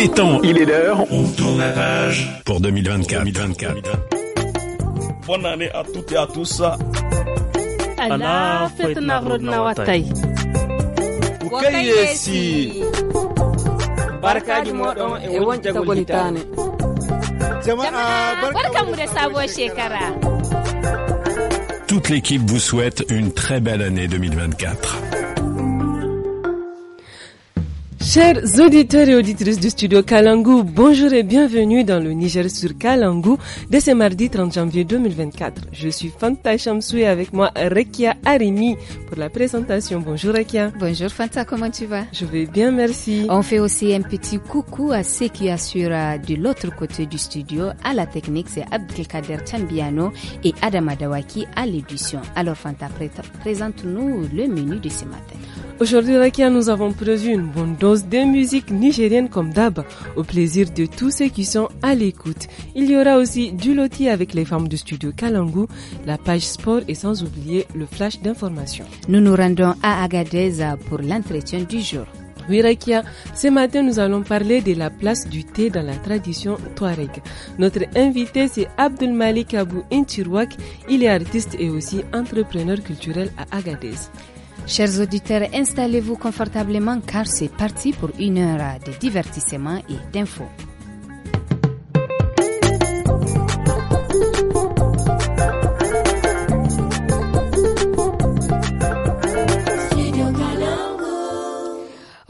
Il est temps, il est l'heure. pour 2024. Bonne année à toutes et à tous. Toute l'équipe vous souhaite une très belle année 2024. Chers auditeurs et auditrices du studio Kalangu, bonjour et bienvenue dans le Niger sur Kalangu de ce mardi 30 janvier 2024. Je suis Fanta Chamsou et avec moi Rekia Arimi pour la présentation. Bonjour Rekia. Bonjour Fanta, comment tu vas Je vais bien, merci. On fait aussi un petit coucou à ceux qui assurent euh, de l'autre côté du studio à la technique, c'est Abdelkader Chambiano et Adam Adawaki à l'édition. Alors Fanta, présente-nous le menu de ce matin. Aujourd'hui, Rakia, nous avons prévu une bonne dose de musique nigérienne comme d'hab, au plaisir de tous ceux qui sont à l'écoute. Il y aura aussi du loti avec les femmes du studio Kalangu, la page sport et sans oublier le flash d'information. Nous nous rendons à Agadez pour l'entretien du jour. Oui, Rakia, ce matin, nous allons parler de la place du thé dans la tradition touareg. Notre invité, c'est Abdul Malik Abou Intirouak. Il est artiste et aussi entrepreneur culturel à Agadez. Chers auditeurs, installez-vous confortablement car c'est parti pour une heure de divertissement et d'infos.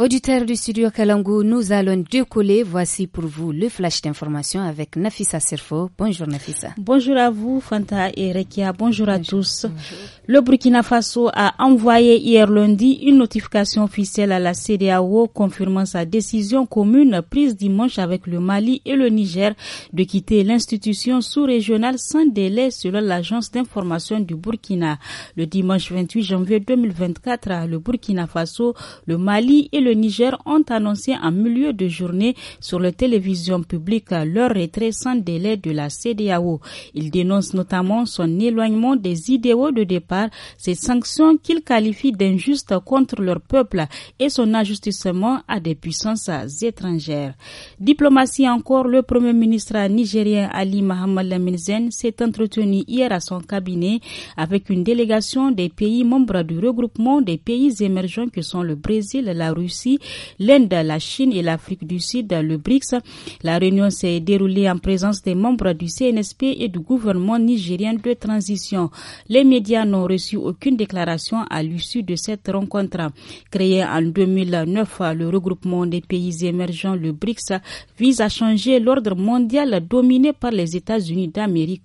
Auditeurs du studio Kalangu, nous allons décoller. Voici pour vous le flash d'information avec Nafisa Serfo. Bonjour Nafisa. Bonjour à vous Fanta et Rekia. Bonjour, à tous. Le Burkina Faso a envoyé hier lundi une notification officielle à la CDAO confirmant sa décision commune prise dimanche avec le Mali et le Niger de quitter l'institution sous-régionale sans délai selon l'agence d'information du Burkina. Le dimanche 28 janvier 2024, le Burkina Faso, le Mali et le le Niger ont annoncé en milieu de journée sur la télévision publique leur retrait sans délai de la CDAO. Ils dénoncent notamment son éloignement des idéaux de départ, ses sanctions qu'ils qualifient d'injustes contre leur peuple et son ajustissement à des puissances étrangères. Diplomatie encore, le premier ministre nigérien Ali Mohamed Lamizen s'est entretenu hier à son cabinet avec une délégation des pays membres du regroupement des pays émergents que sont le Brésil, la Russie, l'Inde, la Chine et l'Afrique du Sud, le BRICS. La réunion s'est déroulée en présence des membres du CNSP et du gouvernement nigérien de transition. Les médias n'ont reçu aucune déclaration à l'issue de cette rencontre. Créé en 2009, le regroupement des pays émergents, le BRICS, vise à changer l'ordre mondial dominé par les États-Unis d'Amérique.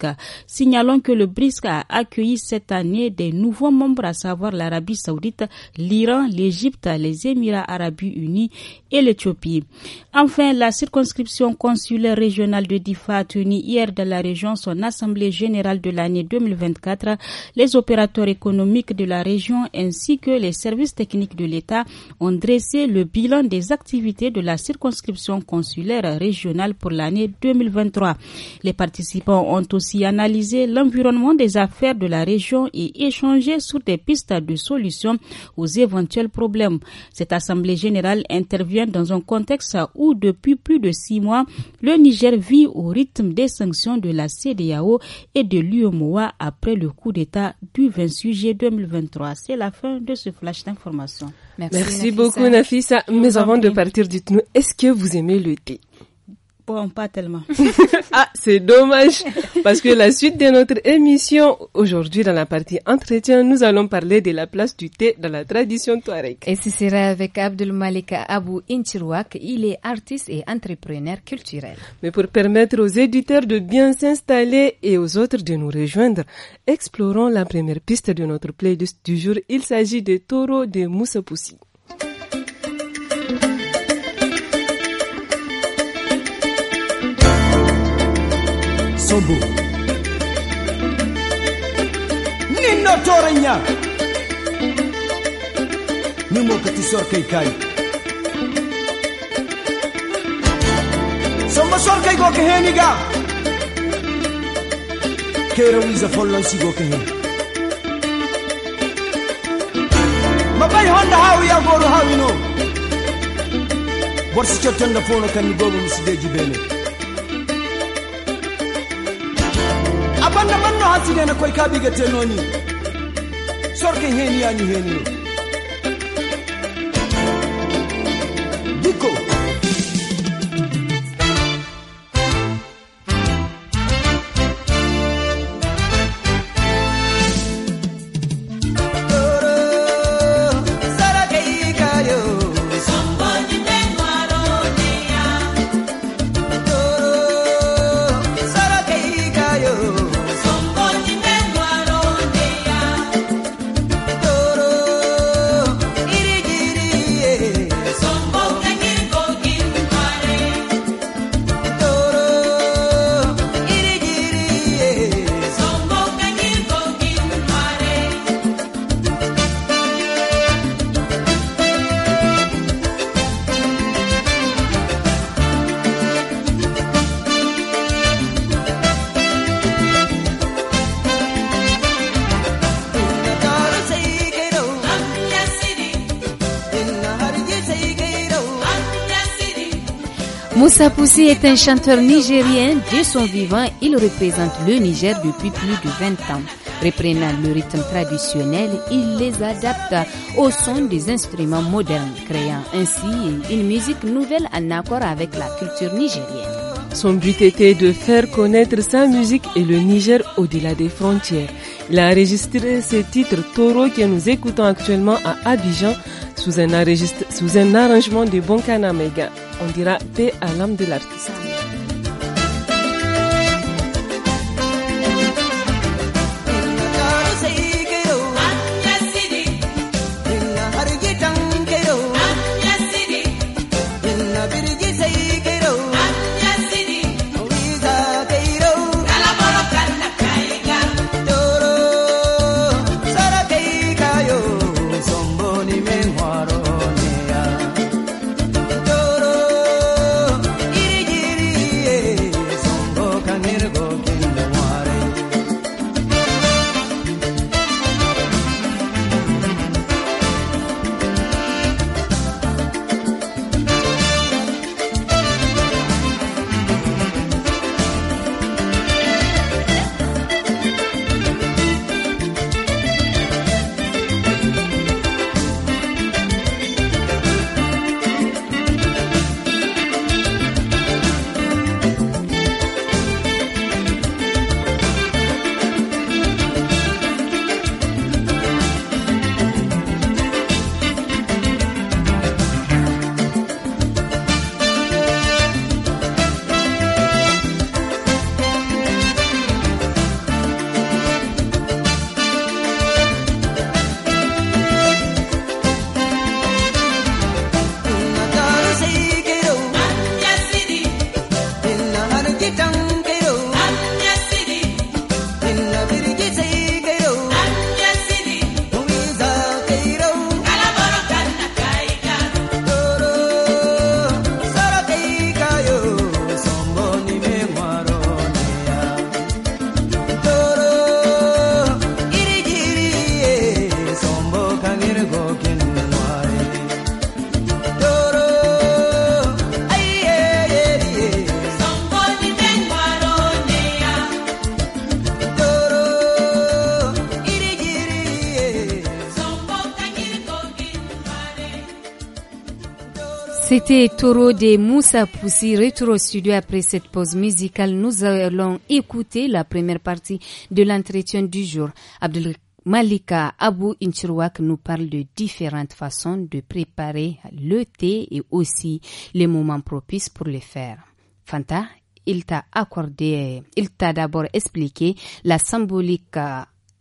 Signalons que le BRICS a accueilli cette année des nouveaux membres, à savoir l'Arabie saoudite, l'Iran, l'Égypte, les Émirats arabes but uni et l'Éthiopie. Enfin, la circonscription consulaire régionale de Difa a tenu hier dans la région son assemblée générale de l'année 2024. Les opérateurs économiques de la région ainsi que les services techniques de l'État ont dressé le bilan des activités de la circonscription consulaire régionale pour l'année 2023. Les participants ont aussi analysé l'environnement des affaires de la région et échangé sur des pistes de solutions aux éventuels problèmes. Cette assemblée général intervient dans un contexte où, depuis plus de six mois, le Niger vit au rythme des sanctions de la CDAO et de l'UMOA après le coup d'État du 20 juillet 2023. C'est la fin de ce flash d'information. Merci, beaucoup, Nafisa. Mais avant de partir, dites-nous, est-ce que vous aimez le thé pas tellement. ah, c'est dommage, parce que la suite de notre émission, aujourd'hui dans la partie entretien, nous allons parler de la place du thé dans la tradition touareg. Et ce sera avec Abdul Malika Abou Intirouak, il est artiste et entrepreneur culturel. Mais pour permettre aux éditeurs de bien s'installer et aux autres de nous rejoindre, explorons la première piste de notre playlist du jour. Il s'agit des taureaux de Moussapoussi. sombo nino tore ña kati sorkay kay Somba sorkay go heniga kera wisa follon sigo ke hen mabay honda hawi ya goru hawino borsi cottonda fono kanni gogo misideji bene banda na, hasi de na kabi kaɓiga tenoni sorke heni ni heni Moussa est un chanteur nigérien. De son vivant, il représente le Niger depuis plus de 20 ans. Reprenant le rythme traditionnel, il les adapte au son des instruments modernes, créant ainsi une musique nouvelle en accord avec la culture nigérienne. Son but était de faire connaître sa musique et le Niger au-delà des frontières. Il a enregistré ce titre toro que nous écoutons actuellement à Abidjan sous un, arrangement de Bonkana Mega. On dira paix à l'âme de l'art. C'était Toro de Moussa Poussi, retour au studio après cette pause musicale. Nous allons écouter la première partie de l'entretien du jour. Abdel Malika Abou Inchirouak nous parle de différentes façons de préparer le thé et aussi les moments propices pour le faire. Fanta, il t'a accordé, il t'a d'abord expliqué la symbolique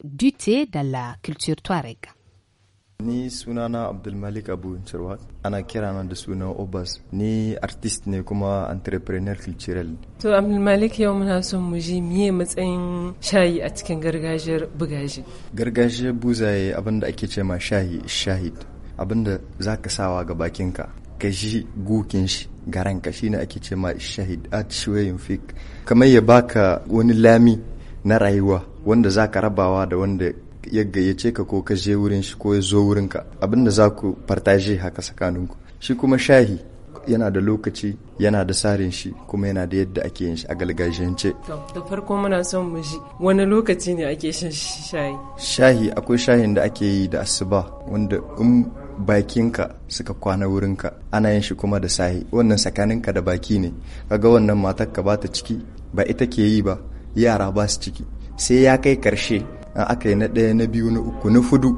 du thé dans la culture touareg. Ni sunana Abdulmalik Abu Cirwat, ana na da suna Obas. Ni artist ne kuma entrepreneur cultural. To Abdulmalik yau muna son mu ji miye matsayin shayi a cikin gargajiyar bugaji. Gargajiyar buzaye abinda ake ce ma shayi shahid. Abinda za ka sawa ga bakinka, ka ji gukin shi garanka ne ake ce ma shahid at shiwayin fik. Kamar ya baka wani lami na rayuwa wanda za ka rabawa da wanda ya gayyace ka ko ka je wurin shi ko ya zo wurin ka abinda za ku partage haka tsakaninku shi kuma shahi yana da lokaci yana da sarin shi kuma yana da yadda ake yin shi a galgajiyance. da farko muna son mu ji wani lokaci ne ake shan shayi shahi akwai shahin da ake yi da asuba wanda in bakinka suka kwana wurinka ana yin shi kuma da sahi wannan tsakaninka da baki ne kaga wannan matar ka bata ciki ba ita ke yi ba yara ba su ciki sai ya kai karshe aka yi na ɗaya na biyu na uku na fudu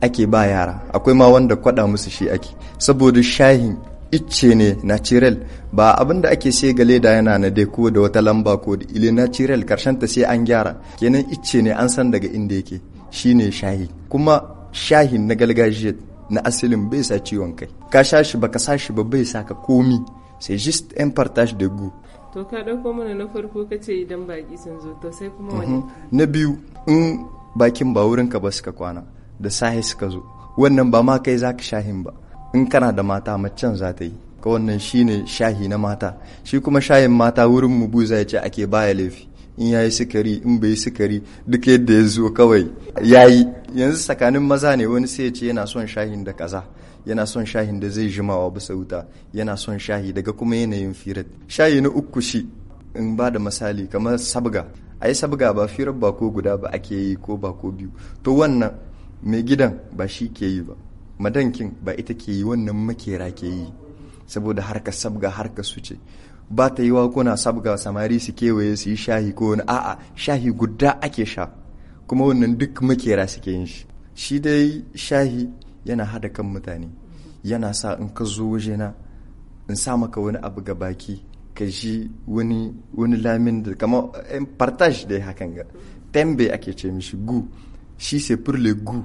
ake ba yara akwai ma wanda kwada musu shi ake saboda shahin icce ne natural ba abin da ake sai gale da yana na ko da wata lamba ko da ile natural karshen ta sai an gyara kenan icce ne an san daga inda yake shine shahi kuma shahin na gargajiya na asalin bai sa ciwon kai ka sha shi baka sa shi ba bai sa ka komi c'est juste un partage de goût to ka ɗauko mana na farko ka ce idan baƙi sun zo to sai kuma wani mhm. na biyu in bakin ba wurin ka ba suka kwana da sahi suka zo wannan ba ma kai za ka shahin ba in kana da mata macen za ta yi ka wannan shine shahi na mata shi kuma shahin mata wurin mu buza ya ce ake baya laifi in ya yi sukari in bai yi sukari duk yadda ya zo kawai ya yi yanzu tsakanin maza ne wani sai ya ce yana son shahin da kaza yana son shahin da zai jimawa bisa wuta yana son shahi daga kuma yanayin firat shayi na uku shi in ba da misali kamar sabga a yi sabga ba firar ba ko guda ba ake yi ko ba ko biyu to wannan mai gidan ba shi ke yi ba madankin ba ita ke yi wannan makera ke yi saboda harka sabga harka su ce ba ta yi kuna sabga samari su kewaye su yi shahi ko wani a'a shahi guda ake sha kuma wannan duk makera suke yin shi shi dai shahi yana hada kan mutane yana sa in ka zo na in sa maka wani abu ga baki ka ji wani lamin da kama in eh, partage dai hakan ga tembe ake ce mishi gu shi se purle gu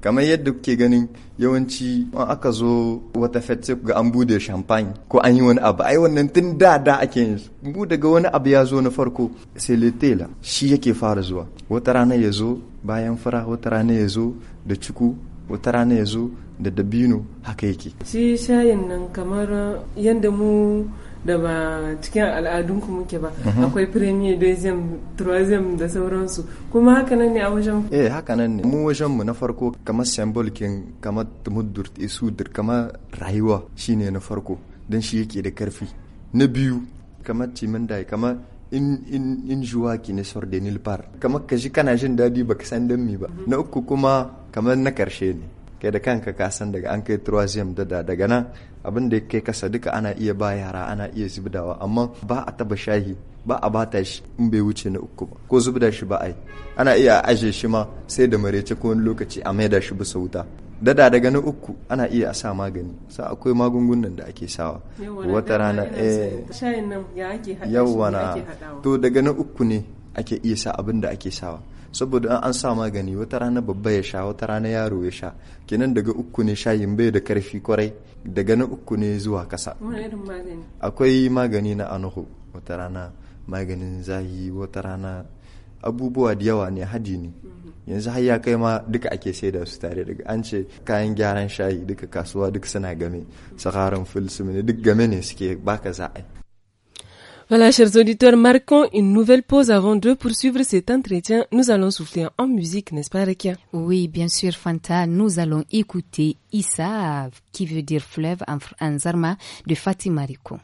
kamar yadda kuke ganin yawanci an aka zo wata fete ga an bude champagne ko an yi wani abu ai wannan tun da da ake yin mu daga wani abu ya zo na farko sai letela shi yake fara zuwa wata rana ya zo bayan fara wata rana ya zo da cuku wata rana ya zo da dabino haka yake shi shayin nan kamar yadda mu da ba cikin al'adunku muke ba mhm. akwai premier deuxième troisième da sauransu kuma haka nan ne a wajen eh haka nan ne mu wajen mu na farko kamar symbol kin kamar muddur isudur kamar rayuwa shine na farko dan shi yake da karfi na biyu kamar cimandai kamar in in in juwa ki ne sor de nil par kamar ka ji kana jin dadi baka san dan mi ba mhm. na uku kuma kamar na karshe ne kai da kanka ka san daga an kai troisième da daga nan abin da kai kasa duka ana iya ba yara ana iya zubdawa amma ba a taba shahi ba a bata shi in bai wuce na uku ba ko zubda shi ba ai ana iya aje shi ma sai da marece ko wani lokaci a maida shi bisa wuta dada daga na uku ana iya a sa magani sa akwai magungunan da ake sawa wata rana eh shayin nan to daga na uku ne ake iya sa abin da ake sawa saboda an sa magani wata rana babba ya sha wata rana yaro ya sha kenan daga uku ne shayin bai da karfi kwarai daga na uku ne zuwa kasa akwai magani na anuhu wata rana maganin zahi wata rana abubuwa da yawa ne hadi ne mm-hmm. yanzu har ya kai ma duka ake saida su tare daga an ce kayan gyaran shayi duka kasuwa duk suna game mm-hmm. sakarin fulsumi duk game ne suke baka za'ai Voilà, chers auditeurs, marquons une nouvelle pause avant de poursuivre cet entretien. Nous allons souffler en musique, n'est-ce pas, Rekia Oui, bien sûr, Fanta. Nous allons écouter Issa, qui veut dire fleuve en, en Zarma, de Fatima Rico.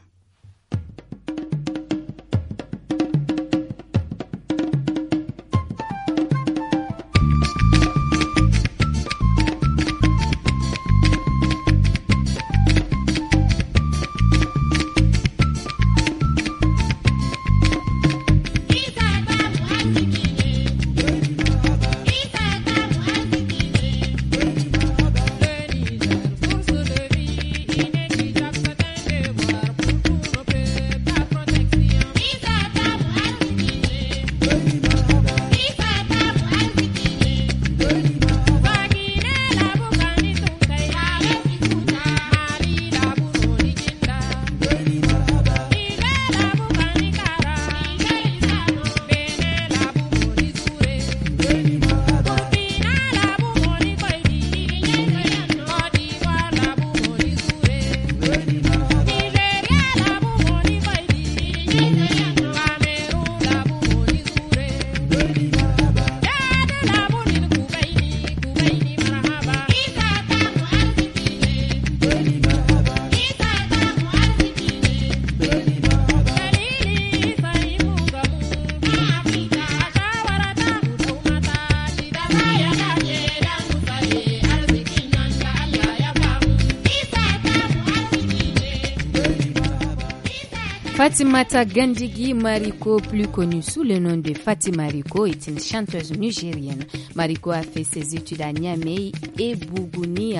Fatimata Gandigi Mariko, plus connue sous le nom de Fatima Mariko, est une chanteuse nigérienne. Mariko a fait ses études à Niamey et Bougouni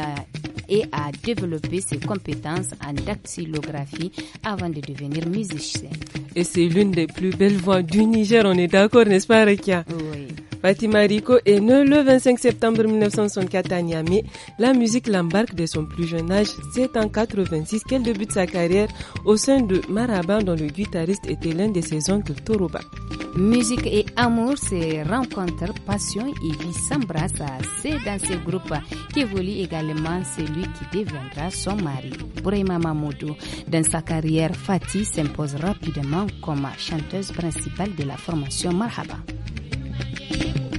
et a développé ses compétences en dactylographie avant de devenir musicienne. Et c'est l'une des plus belles voix du Niger, on est d'accord, n'est-ce pas, Rekia Fatima Rico est née le 25 septembre 1964 à Niamey. La musique l'embarque dès son plus jeune âge. C'est en 86 qu'elle débute sa carrière au sein de Maraba dont le guitariste était l'un de ses oncles Toroba. Musique et amour c'est rencontre, passion et vie s'embrassent. C'est dans ce groupe qu'évolue également celui qui deviendra son mari, Brema Mamoudou. Dans sa carrière, Fatih s'impose rapidement comme chanteuse principale de la formation Marhaba.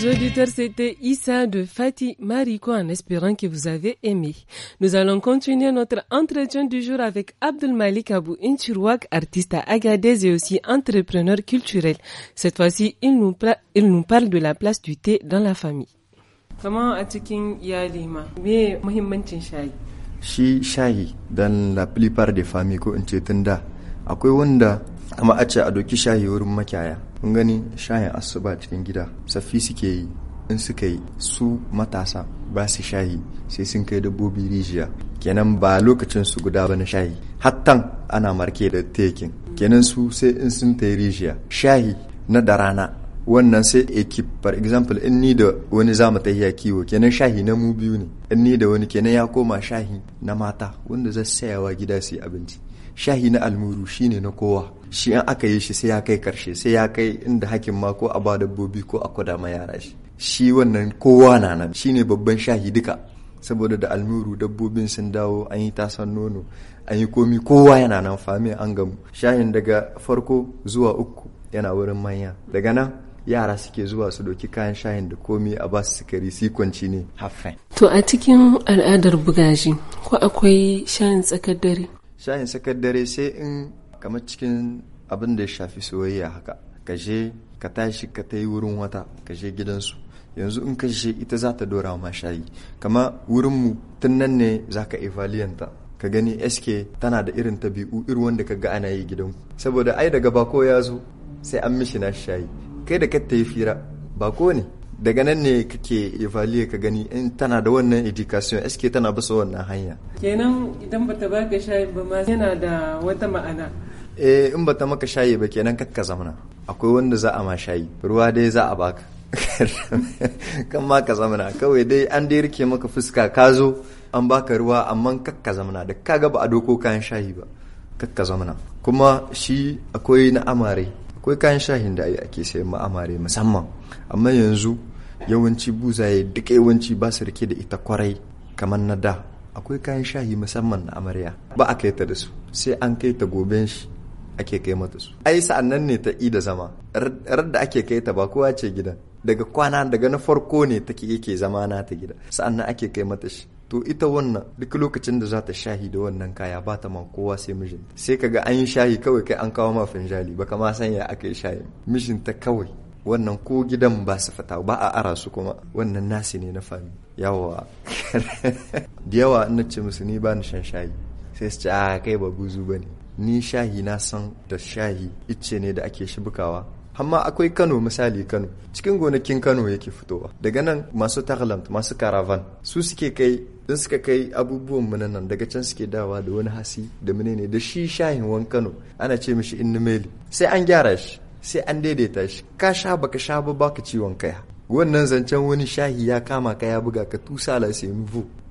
Chers auditeurs, c'était Issa de Fatih Mariko en espérant que vous avez aimé. Nous allons continuer notre entretien du jour avec Abdul Malik Abou Inchirouak, artiste à Agadez et aussi entrepreneur culturel. Cette fois-ci, il nous, il nous parle de la place du thé dans la famille. Comment a mais shi shayi dan la plupart des familles ko in ce tun akwai wanda amma a ce a doki shayi wurin makiyaya Mun gani shayin asuba cikin gida safi suke yi in suka yi su matasa ba su shayi sai sun kai dabbobi rijiya kenan ba lokacin su guda ba na shayi hattan ana marke da tekin kenan su sai in sun ta rijiya shayi na da rana wannan sai ekip for example in ni da wani za mu tahiya kiwo kenan shahi na mu biyu ne in ni da wani kenan ya koma shahi na mata wanda zai sayawa gida su abinci shahi na almuru shine na kowa shi in aka yi shi sai ya kai karshe sai ya kai inda hakin ma ko a ba dabbobi ko a kwada ma yara shi shi wannan kowa na nan Shi ne babban shahi duka saboda da almuru dabbobin sun dawo an yi tasan nono an yi komi kowa yana nan fami an gamu shahin daga farko zuwa uku yana wurin manya daga nan yara suke zuwa su doki kayan shayin da komi a ba su sukari kwanci ne hafen to a cikin al'adar bugaji ko akwai shayin tsakar dare shayin tsakar dare sai in kamar cikin abin da ya shafi soyayya haka ka je ka tashi ka ta yi wurin wata ka je gidansu yanzu in ka je ita za ta dora ma shayi kama wurinmu tun nan ne za ka evaliyanta ka gani sk tana da irin tabi'u irin wanda ka ga ana yi gidanku saboda ai daga bako ya zo sai an mishi na shayi kai da ka ta yi fira bako ne daga nan ne kake evaliye ka gani in tana da wannan education sk tana basa wannan hanya kenan idan bata baka shayi ba ma yana da wata ma'ana eh in bata maka shayi ba kenan ka zamana akwai wanda za a ma shayi ruwa dai za a baka kan ma ka zamana kawai dai an dai rike maka fuska ka zo an baka ruwa amma kakka zamana da ka ga ba a doko kayan shayi ba kakka zamana kuma shi akwai na amare akwai kayan shahin da ake sayan amare musamman amma yanzu yawanci buzaye duka yawanci ba su rike da ita kwarai kamar na da akwai kayan shahi musamman na amarya ba a kaita da su sai an kai ta goben shi ake kai mata su ai sa'an nan ne ta ida zama da ake kai ta ba kowa ce gidan daga kwana daga na farko ne take yake zama na ta gida sa'annan ake kai mata shi to ita wannan duk lokacin da za ta shahi da wannan kaya ba ta ma kowa sai mijinta sai ga an yi shahi kawai kai an kawo ma finjali ba kama sanya ya aka yi shahi mijinta kawai wannan ko gidan ba su fita ba a ara su kuma wannan nasi ne na fami yawa da yawa na ce musu ni ba ni shan shayi sai su ce a ah, kai ba buzu ba ne ni shahi na san da shahi icce ne da ake shibukawa amma akwai kano misali kano cikin gonakin kano yake fitowa daga nan masu tarlant masu karavan su suke kai in suka kai abubuwan munanan nan daga can suke dawa da wani hasi da menene da shi shahin wan kano ana ce mishi innumeli sai an gyara shi sai an daidaita shi ka sha baka sha ba baka ciwon kai wannan zancen wani shahi ya kama ka ya buga ka tusa la sai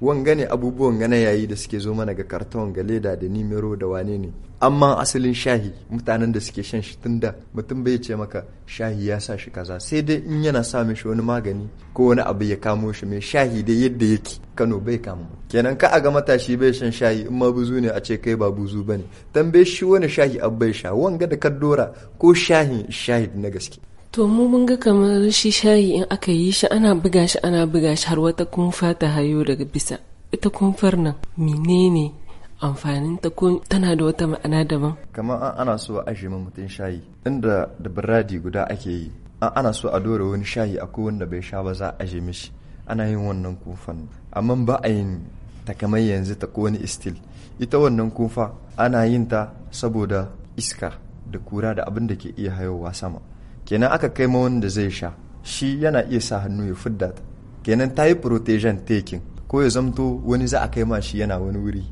wanga ne abubuwan gana yayi da suke zo mana ga karton ga leda da nimero da wane ne amma asalin shahi mutanen da suke shan shi tunda mutum bai ce maka shahi ya sa shi kaza sai dai in yana sa mishi wani magani ko wani abu ya kamo shi mai shahi dai yadda yake Kano bai kama kenan ka a ga matashi bai shan shahi? in ma buzu ne a ce kai ba buzu bane tambaye shi wani shahi abu bai sha wanga da kaddora ko shahin shahid na gaske To mu mun ga kamar shi shayi in aka yi shi ana buga shi ana buga shi har wata kumfa ta hayo daga bisa. Ita kumfar nan menene amfanin ta ko tana da wata ma'ana daban? Kamar an ana so a ashe mutum shayi inda da biradi guda ake yi. An ana so a dora wani shayi ko wanda bai sha ba za a ashe mishi. Ana yin wannan kumfan. Amma ba a yin ta kamar yanzu ta ko wani istil. Ita wannan kumfa ana yin ta saboda iska da kura da abin da ke iya hayowa sama. kenan aka kai ma wanda zai sha shi yana iya sa hannu ya fidda ta kenan ta yi protejan tekin ko ya zamto wani za a kai ma shi yana wani wuri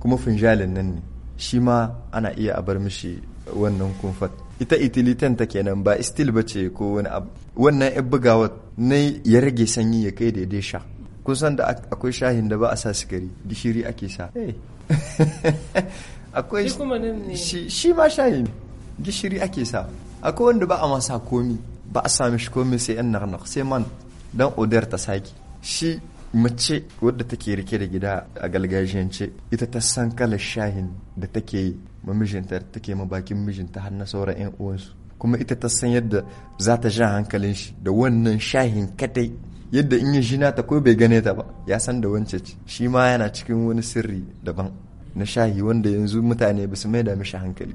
kuma finjalin nan ne shi ma ana iya a bar mishi wannan kumfat ita itilitan ta kenan ba istil ba ce ko wani abu wannan yan bugawar na ya rage sanyi ya kai daidai sha kun san da akwai shahin da ba a sa sigari gishiri ake sa eh. akwai shi ma shahin gishiri ake sa akwai wanda ba a masa komi ba a sami shi komi sai yan narnak sai man dan odar ta saki shi mace wadda take rike da gida a galgajiyance ita ta san kala shahin da take yi ma mijinta take ma bakin mijinta har na sauran yan uwansu kuma ita ta san yadda za ta ja hankalin shi da wannan shahin kadai yadda in ya jina ta ko bai gane ta ba ya san da wance shi ma yana cikin wani sirri daban na shahi wanda yanzu mutane ba su mai da mishi hankali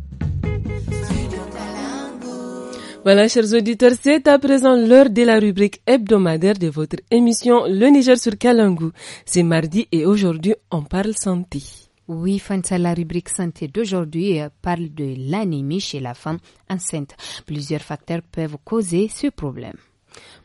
Voilà, chers auditeurs, c'est à présent l'heure de la rubrique hebdomadaire de votre émission Le Niger sur Kalangou. C'est mardi et aujourd'hui, on parle santé. Oui, Fanta, la rubrique santé d'aujourd'hui euh, parle de l'anémie chez la femme enceinte. Plusieurs facteurs peuvent causer ce problème.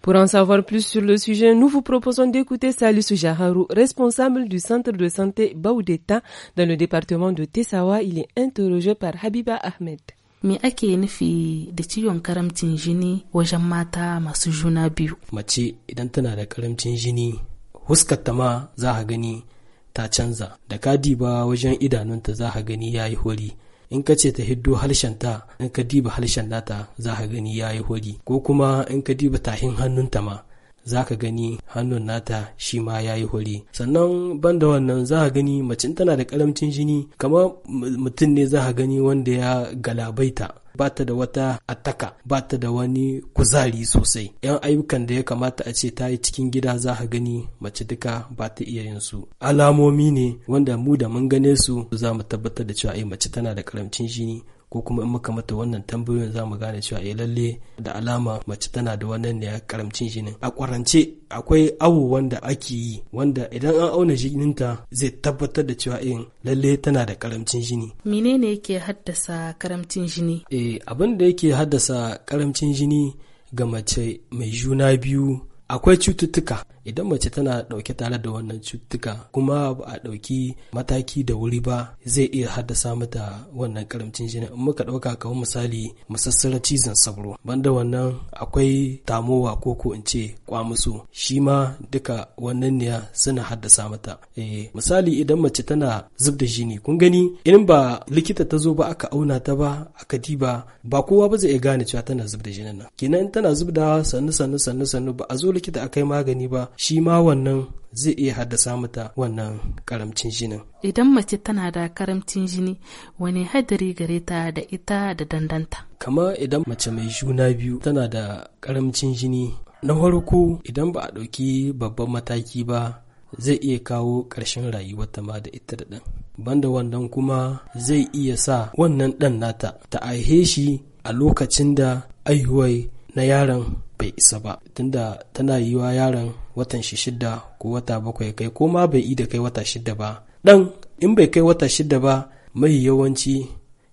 Pour en savoir plus sur le sujet, nous vous proposons d'écouter Salus Jaharou, responsable du centre de santé Baoudeta dans le département de Tessawa. Il est interrogé par Habiba Ahmed. me ake nufi da ciwon karamcin jini wajen mata masu juna biyu mace idan tana da karamcin jini huskarta ma za ka gani ta canza da ka diba wajen idanunta za ka gani ya yi hori in ka ce ta hiddo harshenta in ka diba harshen nata za ka gani ya yi hori ko kuma in ka diba tahin hannunta ma za ka gani hannun nata shi ma ya yi hori sannan banda wannan za ka gani macin tana da karamcin jini kamar mutum ne za ka gani wanda ya galabaita ba ta da wata ataka ba ta da wani kuzari sosai yan ayyukan da ya kamata a ce ta yi cikin gida za ka gani mace duka ba ta iya yin su alamomi ne wanda mu da mun gane su za mu tabbatar da cewa ai eh, mace tana da karamcin jini ko kuma in muka mata wannan tambayoyin za mu gane cewa eh lalle da alama mace tana da wannan ne karamcin jinin a kwarance akwai abu wanda ake yi wanda idan an auna jinin ta zai tabbatar da cewa in eh, lalle tana da karamcin jini menene yake haddasa karamcin jini eh abin da yake haddasa karamcin jini ga mace mai juna biyu akwai cututtuka idan mace tana dauke tare da wannan cututtuka kuma ba a dauki mataki da wuri ba zai iya haddasa mata wannan karamcin jini in muka ɗauka kamar misali masassarar cizon sauro banda wannan akwai tamowa ko ko in ce kwamusu shi ma duka wannan ne suna haddasa mata eh, misali idan mace tana zub da jini kun gani in ba likita ta zo ba aka auna ta ba aka diba ba kowa ba zai iya gane cewa tana zub da jinin nan kenan tana zub da sannu sannu sannu sannu ba a zo likita akai magani ba shi ma wannan zai iya haddasa mata wannan karamcin jinin. Idan mace tana da karamcin jini, wani hadari gare ta da ita da dandanta. Kama idan mace mai juna biyu tana da karamcin jini, na farko idan ba a ɗauki babban mataki ba zai iya kawo ƙarshen rayuwarta ma da ita da ɗan. Banda wannan kuma zai iya sa wannan ɗan nata ta aihe shi a lokacin da aihuwai na yaron bai isa ba tunda tana yiwa yaron watan shi shidda ko wata bakwai kai ko ma bai da kai wata shidda ba dan in bai kai wata shidda ba mai yawanci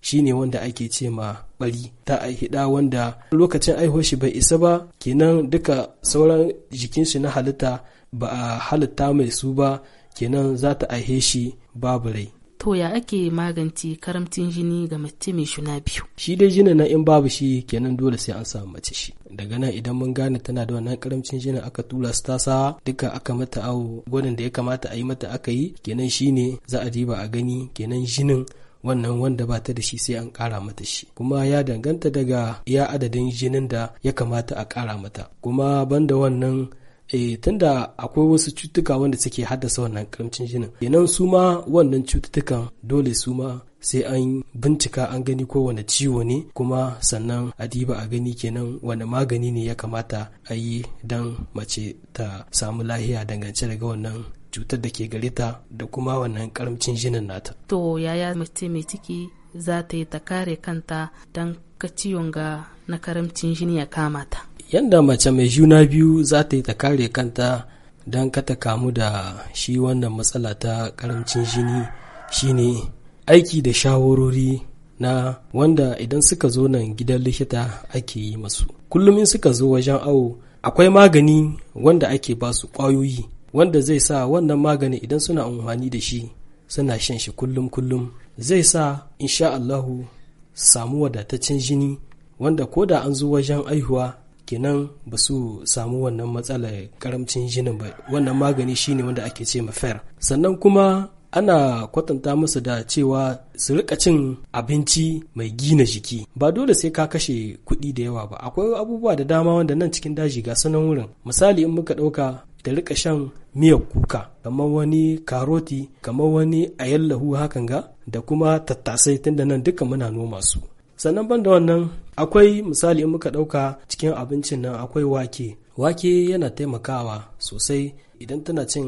shine wanda ake ce ma bari ta aihida wanda lokacin aihuwar shi bai isa ba kenan duka sauran jikin shi na halitta ba a halitta mai su ba kenan za ta aihe shi babu rai to ya ake magance karamcin jini ga mace mai shuna biyu shi dai jini na in babu shi kenan dole sai an samu mace shi daga nan idan mun gane tana da wannan karamcin jinin aka tura su ta sa duka aka mata awo gwanin da ya kamata a yi mata aka yi kenan shine za a diba a gani kenan jinin wannan wanda ba ta da shi sai an kara mata shi kuma ya danganta daga ya adadin jinin da ya kamata a kara mata kuma banda wannan eh tunda akwai wasu cututtuka wanda suke haddasa wannan karamcin jinin kenan su ma wannan cututtukan dole su ma sai an bincika an gani ko wani ciwo ne kuma sannan a diba a gani kenan wani magani ne ya kamata a yi don mace ta samu lahiya dangance daga wannan cutar da ke gare ta da kuma wannan karamcin jinin nata to yaya mace mai ciki za ta yi ta kare kanta don ka ciwon ga na karamcin jini ya kama ta yadda mace mai juna biyu za ta yi ta kare kanta don ka ta kamu da shi wannan matsala ta karamcin jini shine aiki da shawarori na wanda idan suka zo nan gidan likita ake yi masu kullum in suka zo wajen awo akwai magani wanda ake ba su ƙwayoyi wanda zai sa wannan magani idan suna amfani da shi suna shan shi kullum kullum zai sa insha Allahu samu wadataccen jini wanda ko da an zo wajen aihuwa kenan ba su samu wannan matsalar karamcin jinin ba wannan magani shine wanda ake ce ma fer sannan kuma ana kwatanta musu da cewa su rika cin abinci mai gina jiki ba dole sai ka kashe kuɗi da yawa ba akwai abubuwa da dama wanda nan cikin daji ga sanan wurin misali in muka ɗauka da rika shan miyar kuka kamar wani karoti kamar wani ayallahu hakan ga da kuma tattasai tunda nan duka muna noma su sannan banda wannan akwai misali in muka ɗauka cikin abincin nan akwai wake wake yana taimakawa sosai idan tana cin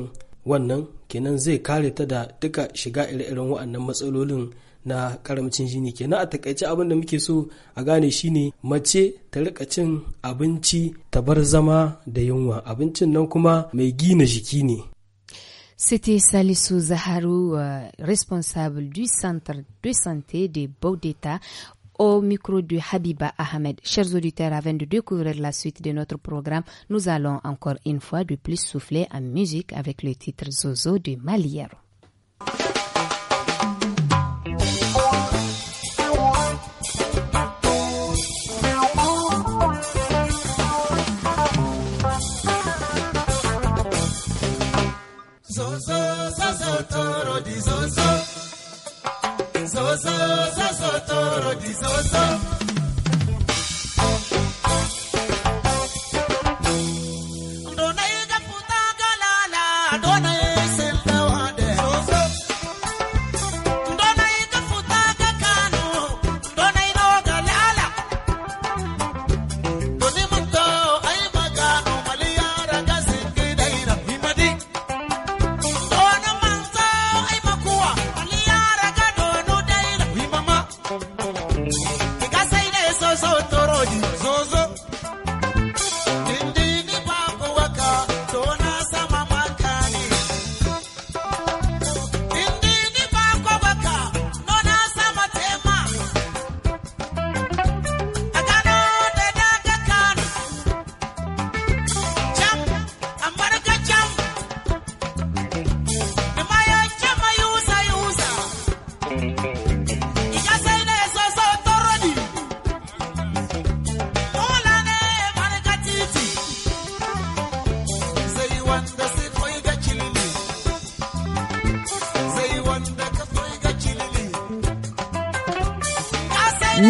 wannan kenan zai kare ta da duka shiga ire-iren waɗannan matsalolin na karamcin jini kenan a takaice abin da muke so a gane shine mace ta rika cin abinci ta bar zama da yunwa abincin nan kuma mai gina jiki ne C'était Salissou Zaharou, euh, responsable du centre de santé de d'état au micro de Habiba Ahmed. Chers auditeurs, avant de découvrir la suite de notre programme, nous allons encore une fois de plus souffler en musique avec le titre Zozo de Malière. toro di zozo. Zozo, zozo, toro di zozo.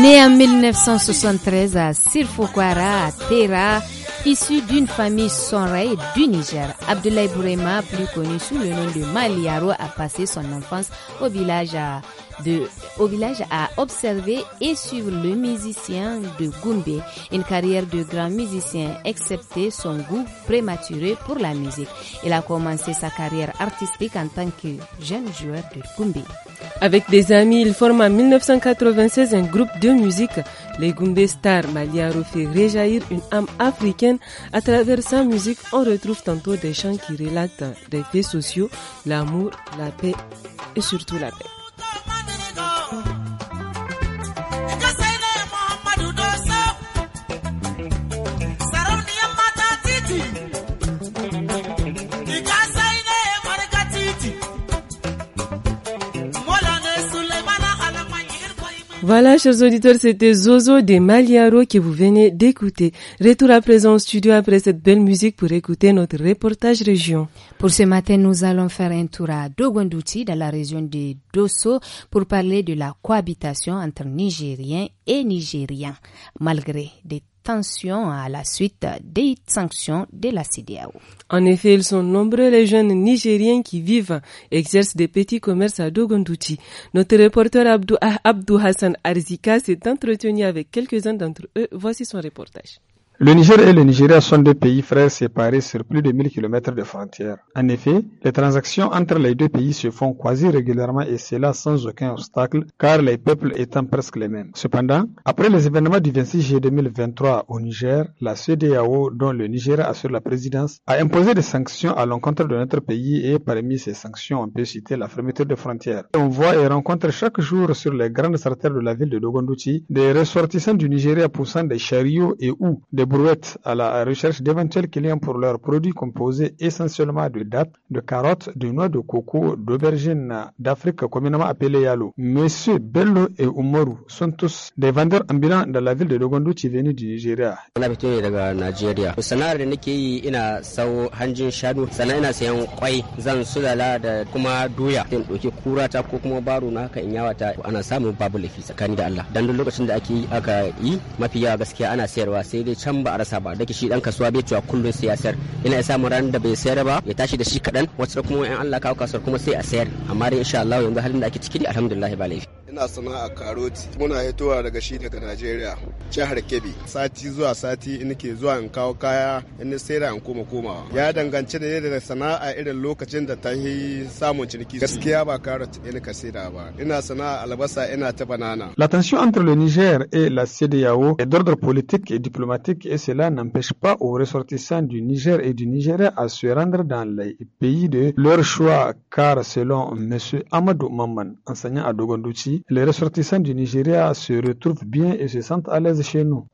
Né en 1973 à Sirfokwara, à Tera, issu d'une famille sonraille du Niger, Abdoulaye Bourema, plus connu sous le nom de Maliaro, a passé son enfance au village à au village a observé et suivre le musicien de Gumbé. une carrière de grand musicien, excepté son goût prématuré pour la musique. Il a commencé sa carrière artistique en tant que jeune joueur de Gumbé. Avec des amis, il forme en 1996 un groupe de musique. Les Gumbé Stars Malia fait réjaillir une âme africaine. À travers sa musique, on retrouve tantôt des chants qui relatent des faits sociaux, l'amour, la paix et surtout la paix. man Voilà, chers auditeurs, c'était Zozo de Maliaro que vous venez d'écouter. Retour à présent au studio après cette belle musique pour écouter notre reportage région. Pour ce matin, nous allons faire un tour à Dogondouti, dans la région de Dosso, pour parler de la cohabitation entre Nigériens et Nigériens, malgré des Attention à la suite des sanctions de la CDAO. En effet, ils sont nombreux les jeunes Nigériens qui vivent, exercent des petits commerces à Dogondouti. Notre reporter Abdou, Abdou Hassan Arzika s'est entretenu avec quelques-uns d'entre eux. Voici son reportage. Le Niger et le Nigeria sont deux pays frères séparés sur plus de 1000 km de frontières. En effet, les transactions entre les deux pays se font quasi régulièrement et cela sans aucun obstacle car les peuples étant presque les mêmes. Cependant, après les événements du 26 juillet 2023 au Niger, la CDAO dont le Nigeria assure la présidence, a imposé des sanctions à l'encontre de notre pays et parmi ces sanctions, on peut citer la fermeture de frontières. On voit et rencontre chaque jour sur les grandes artères de la ville de Dogonduti des ressortissants du Nigeria poussant des chariots et ou brouettes à la recherche d'éventuels clients pour leurs produits composés essentiellement de dattes, de carottes, de noix de coco, d'aubergines d'Afrique communément appelées yalo. Messieurs Bello et Umoru sont tous des vendeurs ambulants dans la ville de Dogondo qui venus du Nigeria. in ba a rasa ba dake shi dan kasuwa bai cewa kullun sai ya sayar yana samun ranar da bai sayar ba ya tashi da shi kadan wasu kuma in Allah kawo kasuwar kuma sai a sayar amma dai insha Allah yanzu halin da ake ciki alhamdulillah ba laifi ina sana'a karoti muna hitowa daga shi daga najeriya jihar kebbi sati zuwa sati in ke zuwa in kawo kaya in saira in koma komawa ya danganci da yadda sana'a irin lokacin da ta yi samun ciniki gaskiya ba karot in ka da ba ina sana'a albasa ina ta banana la tension entre le niger et la CEDEAO est d'ordre politique et diplomatique et cela n'empêche pas aux ressortissants du Niger et du Nigeria à se rendre dans les pays de leur choix car selon M. Amadou Maman, enseignant à Dogondouchi, les ressortissants du Nigeria se retrouvent bien et se sentent à l'aise chez nous.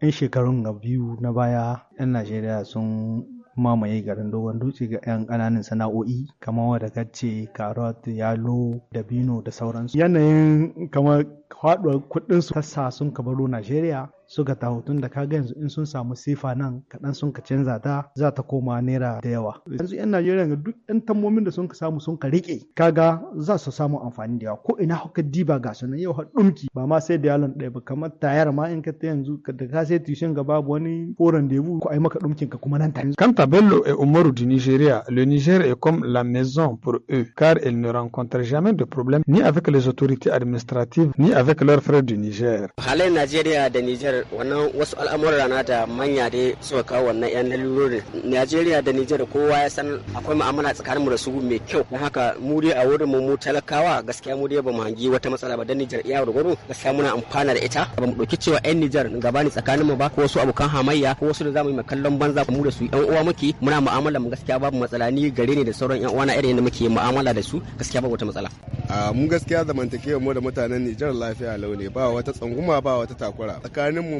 mamaye garin dogon dutse ga 'yan ƙananan sana'o'i kamar wadda ka ce karot yalo dabino da sauransu yanayin kamar faɗuwar kuɗinsu ta sa sun kabaro najeriya suka taho tun da kaga yanzu in sun samu sifa nan kaɗan sun ka canza ta za ta koma naira da yawa yanzu yan najeriya ga duk yan tammomin da sun ka samu sun ka riƙe kaga za su samu amfani da yawa ko ina haka diba ga sunan yau har ɗumki ba ma sai da yalon ɗaya ba kamar tayar ma in ka ta yanzu da ka sai tushen ga babu wani foran da ko a yi maka ɗumkin ka kuma nan ta Kanta Bello e Umaru di Nigeria, le Niger est comme la maison pour eux car ils ne rencontrent jamais de problème ni avec les autorités administratives ni avec leurs frères du Niger. Najeriya da Niger wannan wasu al'amura na da manya dai suka kawo wannan yan lalurori najeriya da nijar kowa ya san akwai mu'amala mu da su mai kyau don haka mu dai a wurin mu talakawa gaskiya mu dai ba mu hangi wata matsala ba dan nijar iya gwargwaro gaskiya muna amfana da ita ba mu dauki cewa yan nijar gaba ne tsakaninmu ba ko wasu abokan hamayya ko wasu da zamu yi kallon banza mu da su yan uwa muke muna mu'amala mu gaskiya babu matsala ni gare ne da sauran yan uwa na irin da muke mu'amala da su gaskiya babu wata matsala a mu gaskiya zamantakewa mu da mutanen nijar lafiya lau ne ba wata tsanguma ba wata takura tsakanin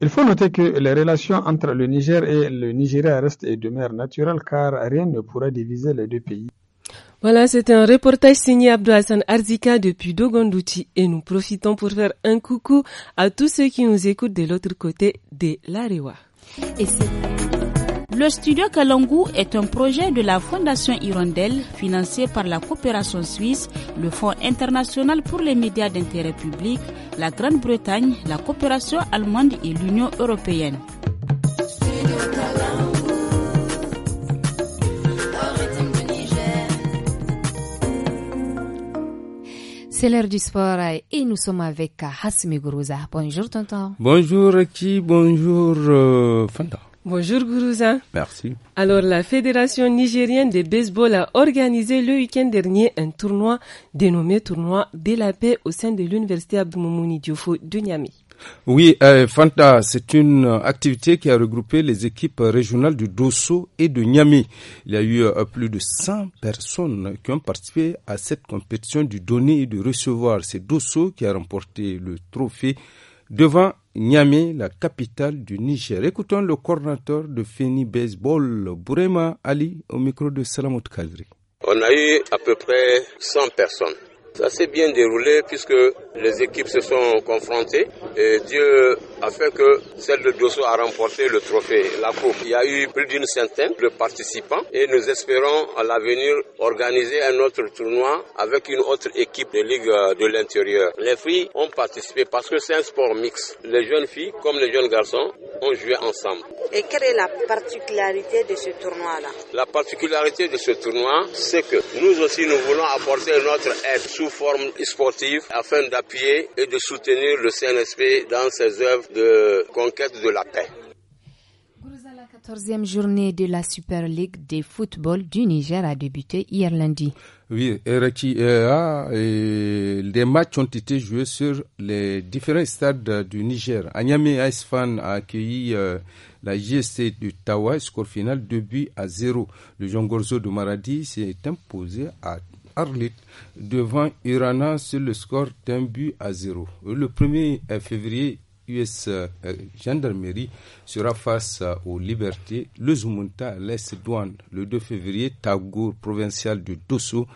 Il faut noter que les relations entre le Niger et le Nigeria restent et demeurent naturelles car rien ne pourra diviser les deux pays. Voilà, c'est un reportage signé Abdou Hassan Arzika depuis Dogondouti et nous profitons pour faire un coucou à tous ceux qui nous écoutent de l'autre côté de l'Arewa. Et c'est le studio Kalangu est un projet de la Fondation Hirondelle financé par la coopération suisse, le Fonds international pour les médias d'intérêt public, la Grande-Bretagne, la coopération allemande et l'Union européenne. C'est l'heure du sport et nous sommes avec Hassimi Gourouza. Bonjour Tonton. Bonjour Reki, bonjour euh, Fanda. Bonjour Gourouza. Merci. Alors la Fédération nigérienne de baseball a organisé le week-end dernier un tournoi dénommé Tournoi de la paix au sein de l'Université Abdoumouni Diofo de Niamey. Oui, euh, Fanta, c'est une activité qui a regroupé les équipes régionales du Dosso et de Niamey. Il y a eu euh, plus de 100 personnes qui ont participé à cette compétition du donner et du recevoir. C'est Dosso qui a remporté le trophée devant Niamey, la capitale du Niger. Écoutons le coordinateur de Feni Baseball, Bourema Ali, au micro de Salamout Kadri. On a eu à peu près 100 personnes. Ça s'est bien déroulé puisque les équipes se sont confrontées et Dieu afin que celle de Dosso a remporté le trophée, la coupe. Il y a eu plus d'une centaine de participants et nous espérons à l'avenir organiser un autre tournoi avec une autre équipe de Ligue euh, de l'Intérieur. Les filles ont participé parce que c'est un sport mixte. Les jeunes filles comme les jeunes garçons ont joué ensemble. Et quelle est la particularité de ce tournoi-là La particularité de ce tournoi, c'est que nous aussi nous voulons apporter notre aide sous forme sportive afin d'appuyer et de soutenir le CNSP dans ses œuvres de conquête de la paix. La 14e journée de la Super League de football du Niger a débuté hier lundi. Oui, les matchs ont été joués sur les différents stades du Niger. Anyame Fan a accueilli euh, la GST du Tawa, score final 2 buts à 0. Le Jean Gorzo de Maradi s'est imposé à Arlit devant Irana sur le score d'un but à 0. Le 1er euh, février, US euh, gendarmerie sera face euh, aux libertés, le Zumunta, laisse douane le 2 février, Tagour provincial de Dosso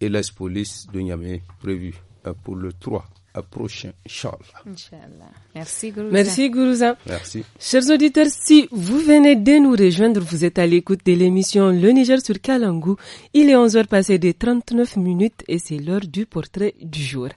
et l'Est police de Niamey prévu euh, pour le 3 prochain, Merci, Gourouza. Merci, Merci. Chers auditeurs, si vous venez de nous rejoindre, vous êtes à l'écoute de l'émission Le Niger sur Kalangou. Il est 11h passé de 39 minutes et c'est l'heure du portrait du jour.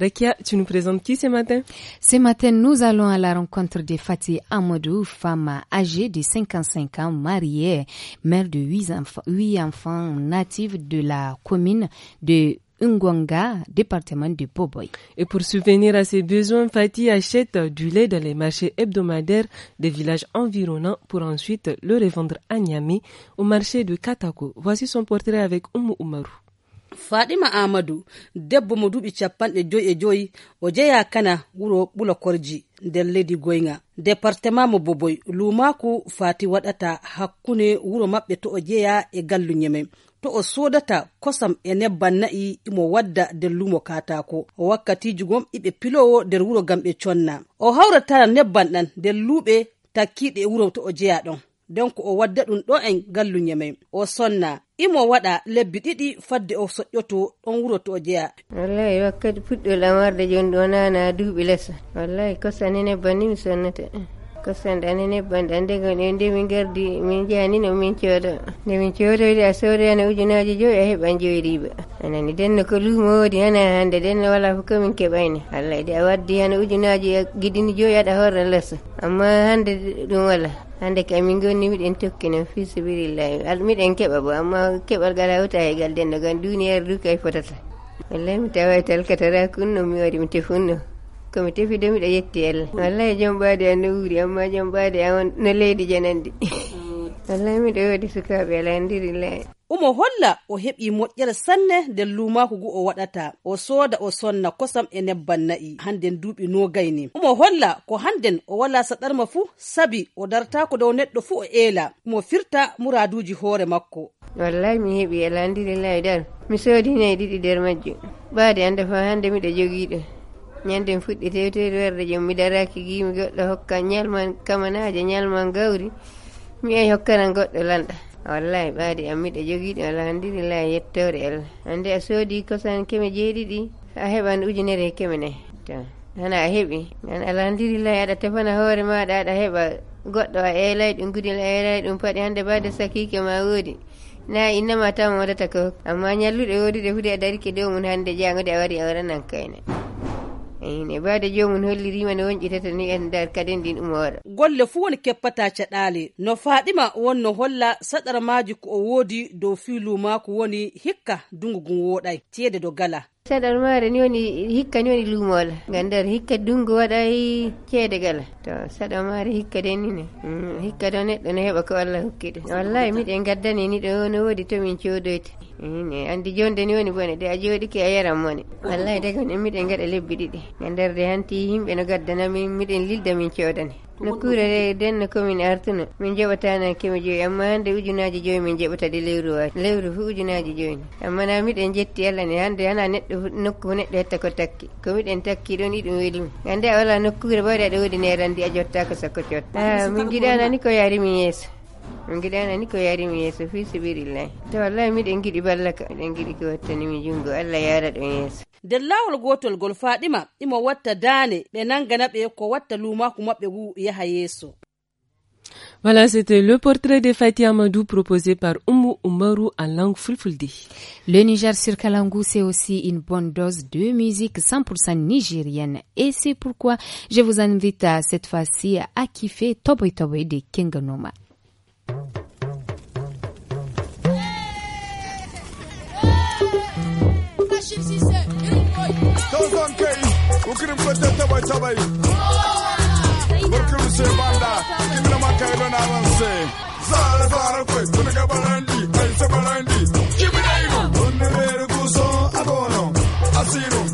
Rekia, tu nous présentes qui ce matin Ce matin, nous allons à la rencontre de Fatih Amadou, femme âgée de 55 ans, mariée, mère de 8 enfants, 8 enfants natifs de la commune de Ngwanga, département du Boboy. Et pour subvenir à ses besoins, Fatih achète du lait dans les marchés hebdomadaires des villages environnants pour ensuite le revendre à Nyami, au marché de Katako. Voici son portrait avec Oumu Oumaru. Fatima Amadou, debbo mo duuɓi capanɗe joyi e joyi o jeya kana wuro ɓulakorji nder leydi goyga département mo boboy lumaku fati waɗata hakkunde wuro maɓɓe to o e gallu to o sodata kosam e nebban na'i imo wadda dellumo katako wakkatiji gom iɓe pilowo nder wuro gam ɓe conna o hawratana nebban ɗan dellumɓe takkiɗe e wuro to o jeya ɗon nden ko o wadda ɗum ɗo en galluye may o sonna imo waɗa lebbi ɗiɗi fadde o soƴƴoto ɗon wuro to o jeya wallayi wakkati puɗɗol amarde joni ɗo nana duuɓi lesa wallayi kosanenebbanni mi sonnata kusendani ne bandan daga ne de min gardi min jani ne min coda ne min coda da asore ne ujunaji jo ya heban jo riba ana ni den ko lumo di ana hande den wala ko min ke bayni Allah da waddi ana ujunaji gidini jo ya da horra lesa amma hande dum wala hande ka min gonni miɗen tokkinen fi sabilillahi al miɗen keɓa bo amma keɓal gala hota e gal den dogan duniyar du kay fotata wallahi mi tawa talkatara kunno mi wari mi tefunno komi tefi de miɗo yetti allah wallahi joom ɓaade a no wuuri amma joom ɓaade a no leydi janandi mm. wallahi miɗo yoodi sukaɓe ala ndirillahi omo holla o heɓi moƴƴere sanne nder lumako gu o waɗata o sooda o sonna kosam e nebban na'i hannden duuɓi nogayni omo holla ko hannden o wala saɗarma fuu sabi o dartako dow neɗɗo fuu o eela omo firta muraduji hoore makko wallahi mi heɓi alandirillahi e dal mi soodinayi ɗiɗi nder majju ɓaade annda fa hannde miɗo jogii ɗo ñanden fuɗɗi tewteɗe warde joom mi daraki gimi goɗɗo hokka ñalman kamanaje ñalman gawri mi ay hokkanan goɗɗo lanɗa wallahi ɓaadi am miɗa joguiɗi ala andiri la yettore allah ande a soodi kosan keme jeeɗiɗi a heɓan ujunere keme nayi to hana a heeɓi an ala andiri la aɗa tefana hoore maɗa aɗa heɓa goɗɗo a eelay ɗum gudel a eelay ɗum paɗi hande baade sakike ma woodi na innama tama wodata ko amma ñalluɗe woodi de fude a dari ke dowmum hande ƴagode a wari a waranan kayne eyi ne baade jomum hollirima ne wonƴitata ni en nder kaden ɗin umoora golle fuu woni keppata caɗaali no faaɗima wonno holla saɗara maaji ko o woodi dow fiilu maako woni hikka dungu gum wooɗay tiyede do gala saɗar maare ni woni hikka ni woni luumoola ngam nder hikka dungu waɗay ceede gala to saɗa maare hikka de nine mm, hikka ɗo neɗɗo ne heɓa ko allah hokkiɗo wallahi miɗen gaddani ni ɗo no woodi tomin coodoyta ine anndi jonde ni woni bone de a jooɗiki a yaran mone wallay degoni miɗen gaɗa lebbi ɗiɗi e nderde hanti yimɓe no gaddanamin miɗen lilda min cewdane nokkure de denno commune artuno min jeɓatana kemi joyi amma hannde ujunaji joyi min jeɓataɗe lewru waji lewru fo ujunaji joyini amma na miɗen jetti allah ni hannde hana neɗɗo nokku neɗɗo hetta ko takki ko miɗen takki ɗon iɗum welimi gannde a wala nokkure bawɗe aɗa woodi nerandi a jottako sakko cotta min giɗanani ko yaari min yeeso Voilà, c'était le portrait de Fatih Amadou proposé par Umu Umaru en langue fulfuldi. Le Niger sur Kalangu, c'est aussi une bonne dose de musique 100% nigérienne. Et c'est pourquoi je vous invite à cette fois-ci à kiffer Toboy Toboy de Kenganoma. Thousand K, ukurim kwata tabai tabai. Barkar banda, Zara zara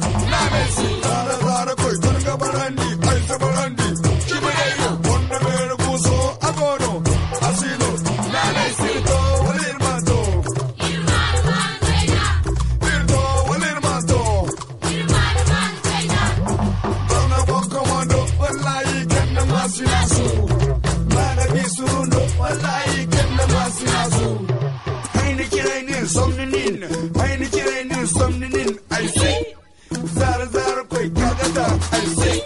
something in aini kire ni something in i see zara zara koi i see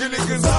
You niggas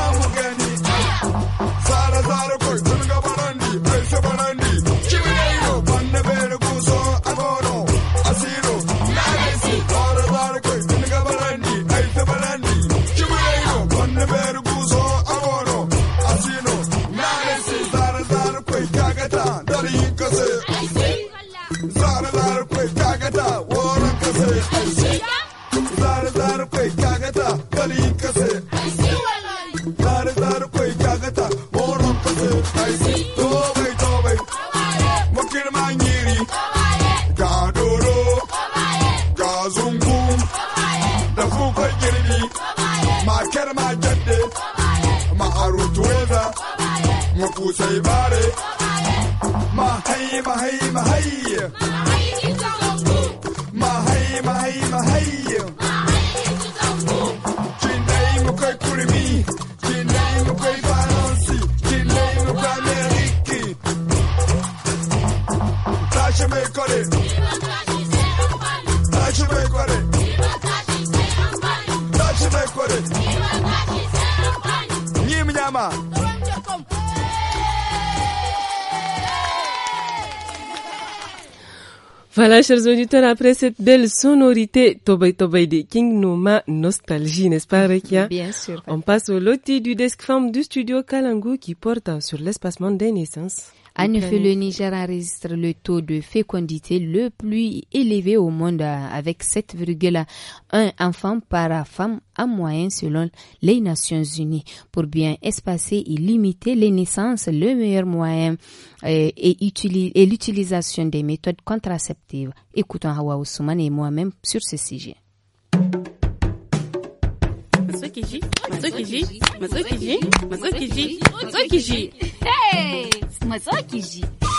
Voilà, chers auditeurs, après cette belle sonorité Tobay Tobay de King Noma Nostalgie, n'est-ce pas, Rekia Bien sûr. On passe au loti du desk femme du studio Kalangu qui porte sur l'espacement des naissances. En effet, le Niger enregistre le taux de fécondité le plus élevé au monde avec 7,1 enfants par femme en moyenne selon les Nations Unies. Pour bien espacer et limiter les naissances, le meilleur moyen euh, est, l'utilisation des méthodes contraceptives. Écoutons Hawa Ousmane et moi-même sur ce sujet. matso ki ji matso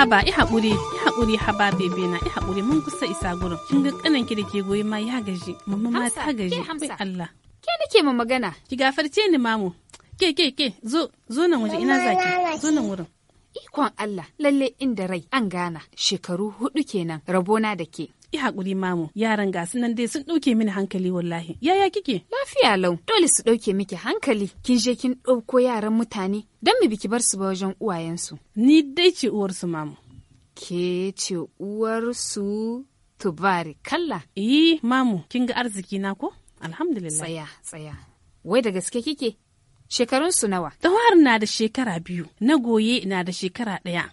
haba i haƙuri i haƙuri haba bebe na i haƙuri mun kusa isa gurin kin ga kanan ki da ke goyi ma ya gaji mamma ma ta gaji kai Allah ke nake ma magana ki gafarce ni mamu ke ke ke zo zo nan waje ina zaki zo nan wurin ikon Allah lalle inda rai an gana shekaru hudu kenan rabona da ke yi hakuri mamu yaran ga nan dai sun dauke mini hankali wallahi yaya kike lafiya lau dole su dauke miki hankali kin je kin ɗauko yaran mutane dan mu biki bar su ba wajen uwayensu ni dai ce uwarsu mamu ke ce uwarsu tubari kalla yi eh, mamu kin ga arziki na ko alhamdulillah tsaya tsaya wai da gaske kike shekarunsu nawa tawar na da shekara biyu na goye na da shekara ɗaya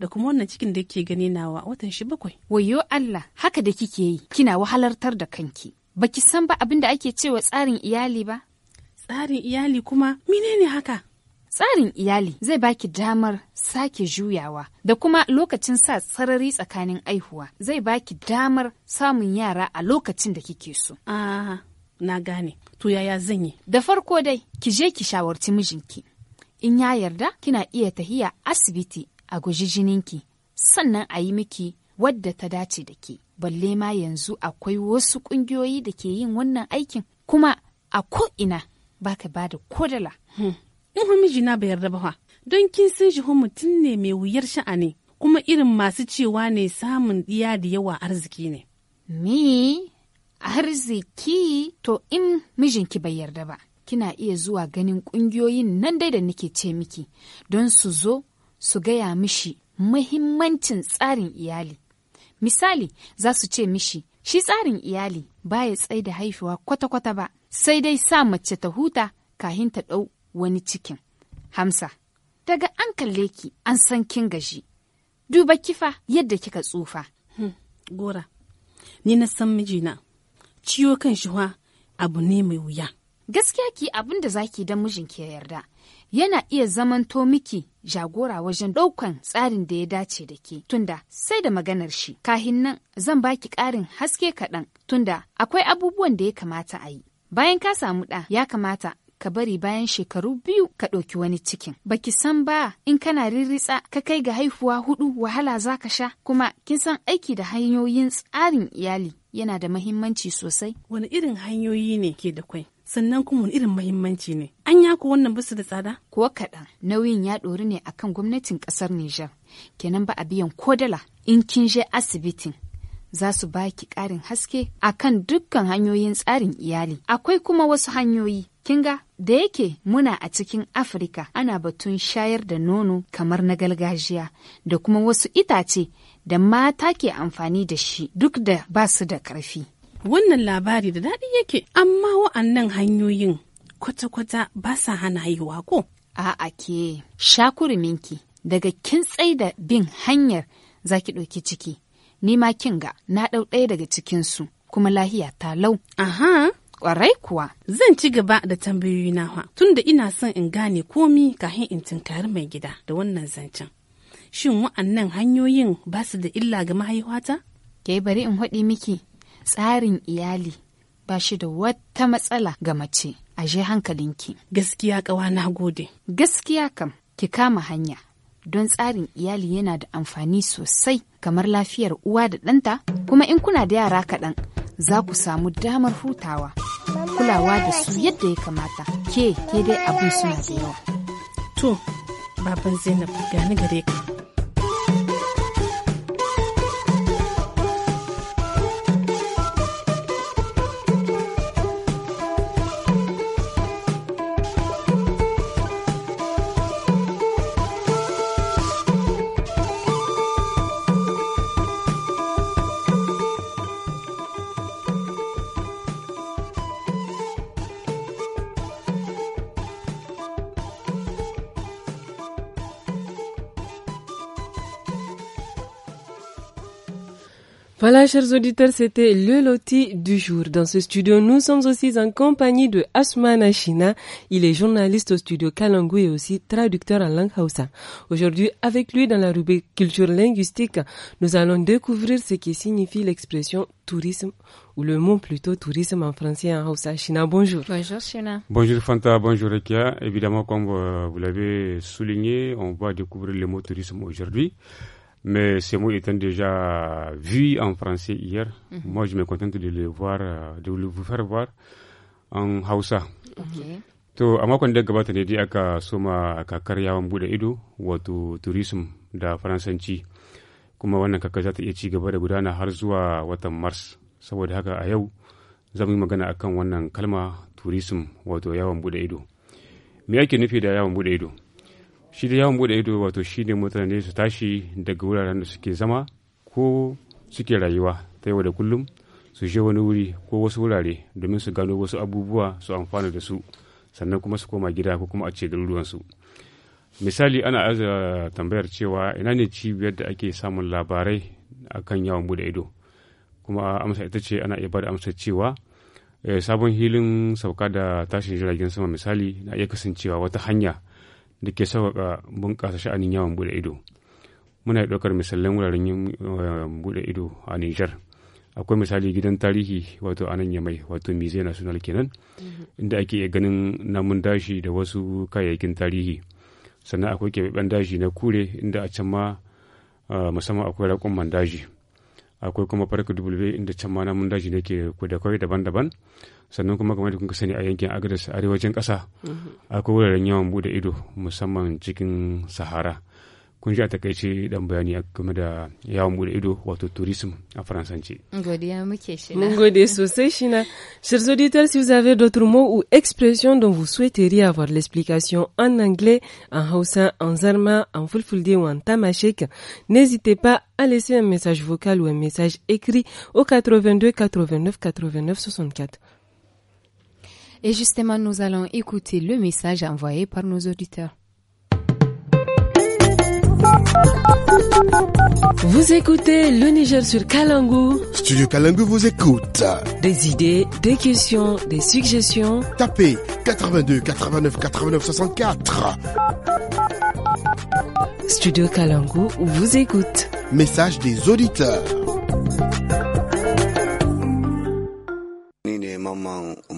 da kuma wannan cikin da ke gani nawa watan shi bakwai. Wayo Allah haka da kike yi kina wahalartar da kanki. Baki san ba abin da ake cewa tsarin iyali ba? Tsarin iyali kuma menene haka? Tsarin iyali zai baki damar sake juyawa da kuma lokacin sa sarari tsakanin aihuwa zai baki damar samun yara a lokacin da kike so. Aha, na gane. To yaya zan yi? Da farko dai, ki je ki shawarci mijinki. In ya yarda, kina iya tahiya asibiti a guji jininki sannan a yi miki wadda ta dace da ke balle ma yanzu akwai wasu ƙungiyoyi da ke yin wannan aikin kuma a ko'ina baka ba da kodala. Hmm. mijina bayar da ba don kin san shi mutum ne mai wuyar sha'ani kuma irin masu cewa ne samun iya da yawa arziki ne. Me arziki to in mijinki bai yarda ba kina iya zuwa ganin ƙungiyoyin nan dai da nake ce miki don su zo su gaya mishi mahimmancin tsarin iyali. Misali, za su ce mishi, shi tsarin iyali ba ya tsaye da haifuwa kwata-kwata ba, sai dai sa mace ta huta kahin ta ɗau wani cikin. Hamsa, daga an kalle ki an san kin gaji, duba kifa yadda kika tsufa. Hmm, gora, ni na san mijina, ciwo kan shi abu ne mai wuya. Gaskiya ki abin da zaki dan mijinki ya yarda. yana iya zamanto miki jagora wajen ɗaukan tsarin da ya dace da ke tunda sai da maganar shi kahin nan zan baki ƙarin haske kaɗan tunda akwai abubuwan da ya kamata a yi bayan ka samu ɗa ya kamata ka bari bayan shekaru biyu ka ɗauki wani cikin. Baki san ba in kana riritsa ka kai ga haihuwa hudu wahala za ka sha kuma kin san aiki da hanyoyin tsarin iyali yana da mahimmanci sosai. Wani irin hanyoyi ne ke da kwai? sannan kuma irin mahimmanci ne. An ya ku wannan bisa da tsada? Kuwa kaɗan nauyin ya ɗori ne akan gwamnatin ƙasar Nijar. Kenan ba a biyan ko dala in kin je asibitin. Za su baki ƙarin haske a kan dukkan hanyoyin tsarin iyali. Akwai kuma wasu hanyoyi kin ga da yake muna a cikin Afirka ana batun shayar da nono kamar na gargajiya da kuma wasu itace da mata ke amfani da shi duk da ba su da ƙarfi. wannan labari da daɗi yake amma wa'annan hanyoyin kwata-kwata ba sa hana haihuwa ko a'a ke kuruminki. daga kin da bin hanyar zaki ɗauki ciki ni ma kin ga na ɗau ɗaya daga cikinsu kuma lahiya ta lau aha kwarai kuwa. Zan ci gaba da tambayoyi fa tunda ina son in gane komi kafin in tunkari mai gida da wannan zancen. Shin wa'annan hanyoyin ba su da illa ga mahaihuwata? Ke bari in haɗi miki tsarin iyali ba shi da wata matsala ga mace a je hankalinki. Gaskiya kawa na gode. Gaskiya kam ki kama hanya don tsarin iyali yana da amfani sosai kamar lafiyar uwa da ɗanta kuma in kuna da yara kaɗan za ku samu damar hutawa kulawa da su yadda ya kamata ke ke dai abin suna da yawa. To, baban Zainab gani gare ka. Voilà, chers auditeurs, c'était le loti du jour. Dans ce studio, nous sommes aussi en compagnie de Asman Ashina. Il est journaliste au studio Kalangu et aussi traducteur en langue Hausa. Aujourd'hui, avec lui dans la rubrique culture linguistique, nous allons découvrir ce qui signifie l'expression tourisme ou le mot plutôt tourisme en français en Hausa. Ashina, bonjour. Bonjour, Shina. Bonjour, Fanta. Bonjour, Ekia. Évidemment, comme euh, vous l'avez souligné, on va découvrir le mot tourisme aujourd'hui. Mais ce mot étant déjà vu en français hier, mm -hmm. moi je me contente de euh, le voir, de vous faire voir en Hausa. To a makon da gabata ne dai aka soma kakar yawon bude ido wato tourism da faransanci kuma wannan kakar za ta iya ci gaba da gudana har zuwa watan mars saboda haka a yau zan yi magana akan wannan kalma tourism wato yawon bude ido. Me ake nufi da yawon bude ido? shi da yawon bude ido wato shi ne mutane su tashi daga wuraren da suke zama ko suke rayuwa ta yau da kullum su je wani wuri ko wasu wurare domin su gano wasu abubuwa su amfana da su sannan kuma su koma gida ko kuma a ce garuruwansu misali ana aza tambayar cewa ina ne cibiyar da ake samun labarai akan yawon bude ido kuma amsa ita ce ana iya bada amsa cewa eh, sabon hilin sauka da tashin jiragen sama misali na iya kasancewa wata hanya da ke sauƙaƙa bunƙasa sha'anin yawon buɗe ido muna ɗaukar misalan wuraren eh, buɗe ido a nijar akwai misali gidan tarihi wato a nan yamai wato mize national kenan mhm. inda ake iya ganin namun dashi da wasu kayayyakin tarihi sannan akwai keɓaɓɓen daji na kure inda a can ma eh, musamman akwai raƙon daji akwai kuma farka dubulbe inda can ma namun daji ne ke da kwai daban-daban Chers auditeurs, si vous avez d'autres mots ou expressions dont vous souhaiteriez avoir l'explication en anglais, en haussin, en zarma, en fulfulde ou en tamashek, n'hésitez pas à laisser un message vocal ou un message écrit au 82 89 89 64. Et justement, nous allons écouter le message envoyé par nos auditeurs. Vous écoutez le Niger sur Kalangu. Studio Kalangu vous écoute. Des idées, des questions, des suggestions. Tapez 82 89 89 64. Studio Kalangu vous écoute. Message des auditeurs.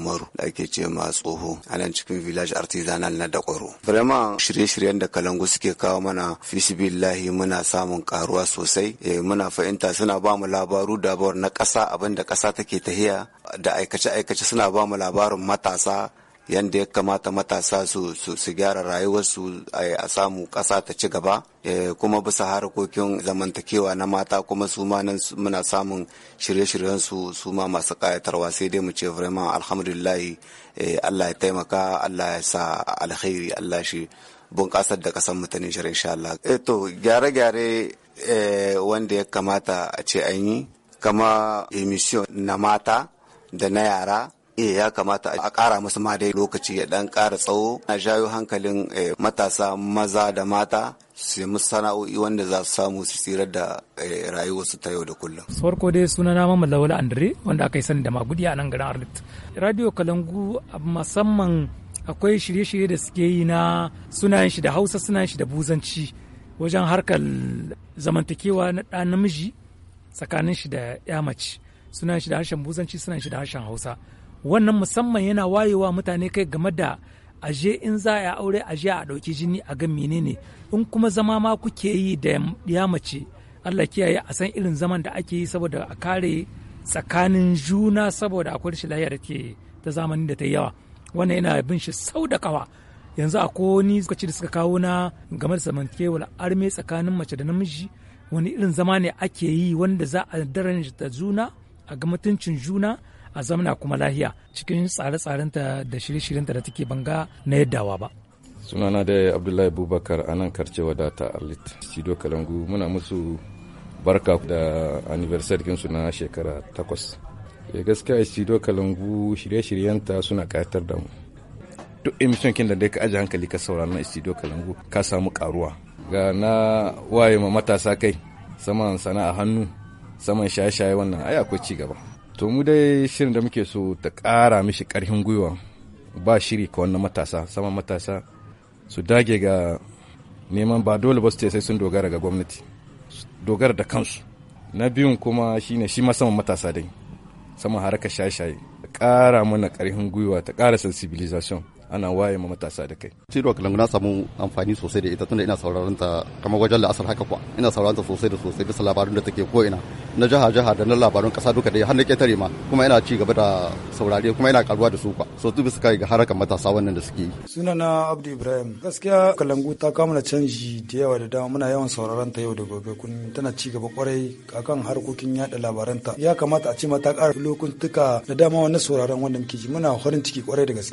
umaru da ake ce ma tsoho a nan cikin village artisanal na dakwaro vraiment shirye-shiryen da kalangu suke kawo mana fisibillahi muna samun karuwa sosai eh, muna fahimta suna ba mu labaru dabar na ƙasa abinda da ƙasa take tahiya da aikace-aikace suna ba mu labarin matasa yadda ya kamata matasa su gyara rayuwarsu a samu ƙasa ta ci gaba eh, kuma bisa harkokin zamantakewa na mata kuma su ma nan muna samun shirye-shiryen su su ma masu ƙayatarwa sai dai mu ce vraiment alhamdulillah eh, Allah ya taimaka Allah ya sa alkhairi Allah shi bunƙasar da ƙasar mutane shirin insha Allah eh, to gyare-gyare wanda ya kamata a ce an yi kama emission na mata da na yara eh ya kamata a ƙara musu ma dai lokaci ya dan ƙara tsawo na jayo hankalin eh, matasa maza da mata su yi sana'o'i wanda za su samu su tsirar da eh, rayuwarsu ta yau da kullum. farko dai suna na mamman lawal andre wanda aka yi sani da magudi a nan garin arlit radio kalangu musamman akwai shirye-shirye da suke yi na sunayen shi da hausa sunayen shi da buzanci wajen harkar zamantakewa na ɗan namiji tsakanin shi da ya mace suna shi da harshen buzanci suna shi da harshen hausa wannan musamman yana wayewa mutane kai game da aje in za a aure aje a ɗauki jini a ga menene in kuma zama ma kuke yi da ya mace Allah kiyaye a san irin zaman da ake yi saboda a kare tsakanin juna saboda akwai rashin lafiya da ke ta zamani da ta yi yawa wannan yana bin shi sau da kawa yanzu a ni lokaci da suka kawo na game da zamantakewar arme tsakanin mace da namiji wani irin zama ne ake yi wanda za a daren da juna a ga mutuncin juna a zamana kuma lahiya cikin tsare-tsarenta da shirye-shiryenta da take banga na yaddawa ba sunana da abdullahi bubakar anan karce wadata alit sido kalangu muna musu barka da anniversary kinsu na shekara takwas ya eh, gaskiya sido kalangu shirye-shiryenta suna kayatar da mu duk emission kin da dai ka aji hankali ka saurara na studio kalangu ka samu karuwa ga na waye ma matasa kai saman sana'a hannu saman shaye-shaye wannan ai akwai ci gaba to mu dai shirin da muke so ta ƙara mishi ƙarfin gwiwa ba shiri ka wannan matasa sama matasa su dage ga neman ba dole ba su sai sun dogara ga gwamnati dogara da kansu na biyun kuma shine shi ma saman matasa dai sama haraka shaye-shaye ta ƙara mana ƙarfin gwiwa ta ƙara sensibilization ana waye ma matasa da kai ciro kalangu na samu amfani sosai da ita tunda ina sauraron ta kamar wajen la'asar haka kuwa ina sauraron ta sosai da sosai bisa labarun da take ko ina na jaha jaha da na labarun kasa duka dai har na ketare ma kuma ina ci gaba da saurare kuma ina karuwa da su kwa so tu su kai ga harakan matasa wannan da suke yi sunana abdu ibrahim gaskiya kalangu ta kamala canji da yawa da dama muna yawan sauraron ta yau da gobe kun tana ci gaba kwarai akan harkokin yada labaranta ya kamata a ce mata ƙara lokuntuka da dama wannan sauraron wanda muke muna farin ciki kwarai da gaske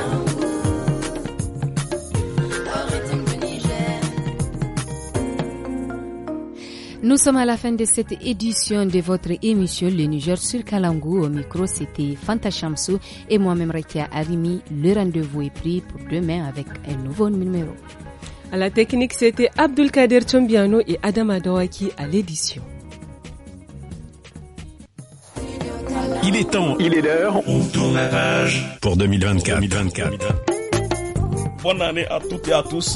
Nous sommes à la fin de cette édition de votre émission Le Niger sur Kalangou. Au micro, c'était Fanta Chamsou et moi-même Rekia Arimi. Le rendez-vous est pris pour demain avec un nouveau numéro. À la technique, c'était Abdulkader Chombiano et Adam Adouaki à l'édition. Il est temps. Il est l'heure. On tourne la page pour 2024. Bonne année à toutes et à tous.